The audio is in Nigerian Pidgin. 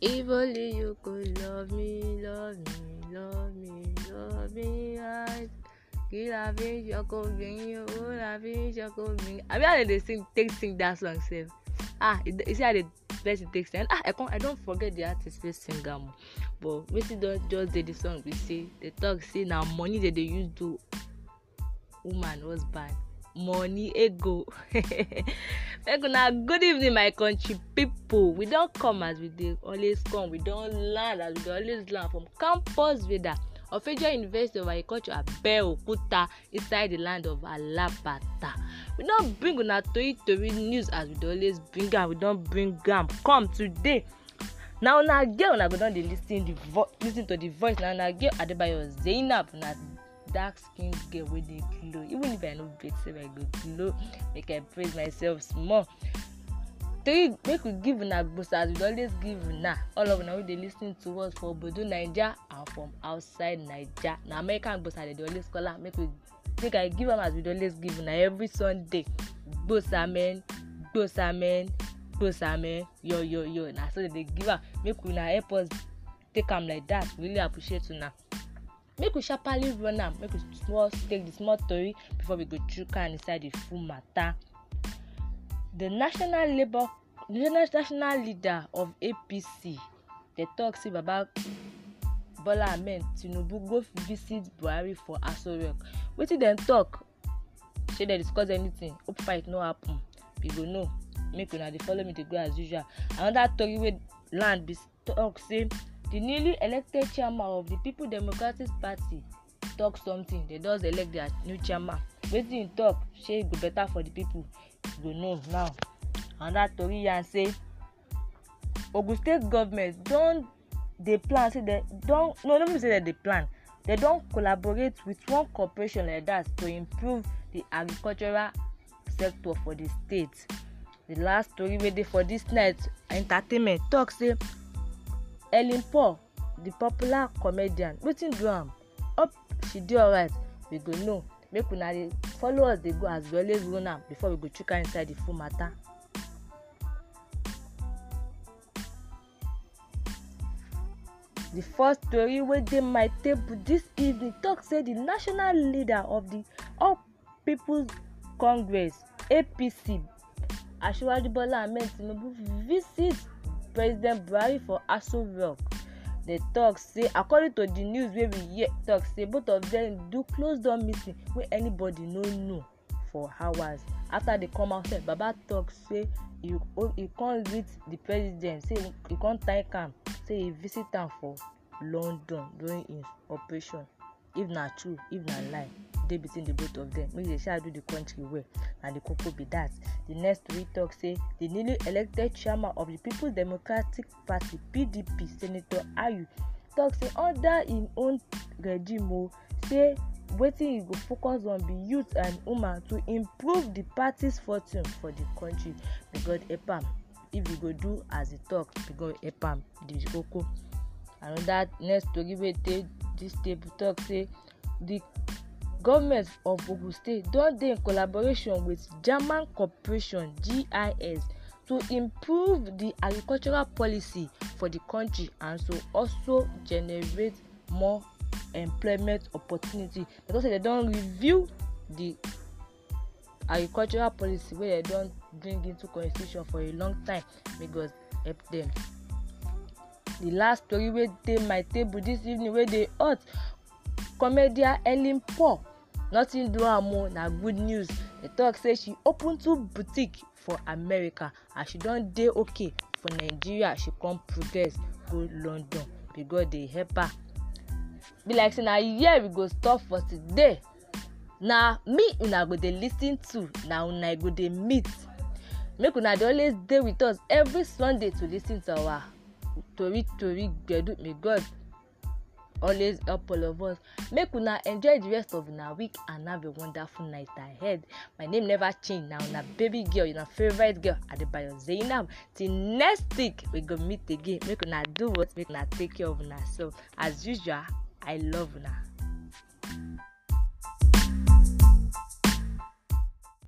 If only you could love me, love me, love me, love me. I kí a fi ń ṣọkọ obìnrin owó la fi ń ṣọkọ obìnrin. àbí I dey sing take sing that song sef ah you see how dey best take sing ah I come I don forget the artist wey singer. am but wetin don't just dey the song We see dey talk see now money that they use to woman was bad money ego make una good evening my country people. we don come as we dey always come we don land as we dey always land from campus veda ofejo university of agriculture abeokuta inside the land of alabata we don bring una tori tori news as we dey always bring am we don bring am come today na una girl una go don dey lis the lis ten to the voice na una girl adebayo zainab na dark skin girl wey dey glow even if i no bathe sef i go glow make i praise myself small torí make we give una gbose as we dey always give una all of una wey dey lis ten to us for obodo naija and from outside naija na american gbose i dey always call am make we make i give am as we dey always give una every sunday amen. amen. gbosamen amen. yo yo yo na so dem dey give am make una help us take am like that we really appreciate una make we sharparly run am make we small take the small tori before we go chuka am inside the full matter the national labour the national leader of apc dey talk say baba bola ahmed tinubu go visit buhari for aso rock wetin dem talk shey dem discuss anything hope fight no happen we go know make una dey follow me dey go as usual another tori wey land be talk say the newly elected chairman of the people democratic party talk something they just elect their new chairman wetin he talk shey e go better for the people you go know now another tori yarn say ogun state government don dey plan say dem don no no be say dem dey plan dem don collaborate with one corporation like that to improve the agricultural sector for the state the last tori wey dey for this night entertainment talk say helen paul di popular comedian wetin do am hope she dey alright we go know make una dey follow us dey go as we always run am before we go chuka inside the full matter. The first story wey dey my table this evening Talk say the national leader of the all peoples congress apc asiwaju bola ahmed tinubu visit president buhari for aso rock dey tok say according to di news wey we hear tok say both of dem do close door meeting wey anybody no know for hours afta dey come out sef baba tok say e e come greet di president say e come thank am say e visit am for london during im operation if na true if na lie dey between the both of them, make dey um do the country well and the koko be that the next tori talk say the newly elected chairman of the peoples democratic party pdp senator ayu talk say under im own regime o say wetin e go focus on be youth and women to improve di party's fortune for di kontri may god help am if you go do as e talk may god help am di koko anoda next tori wey dey dis table talk say di goment of ogun state don dey in collaboration wit german corporation gis to improve di agricultural policy for di kontri and to also generate more employment opportunity Because talk say dem don review di agricultural policy wey dem don bring into constitution for a long time make god help dem. the last tori wey dey my table this evening wey dey hot comedian ellen paul nothing do am o na good news The talk say she open two boutique for america as she don dey okay for nigeria she come progress go london may god dey help her be like say na here we go stop for today na me una go dey lis ten to na una go dey meet make una dey always dey with us every sunday to lis ten to our tori tori gbedu may god always help all of us make una enjoy the rest of una week and have a wonderful night ahead my name never change na una baby girl una favourite girl adebayo zainab till next week we go meet again make una do what make una take care of una So as usual i love una.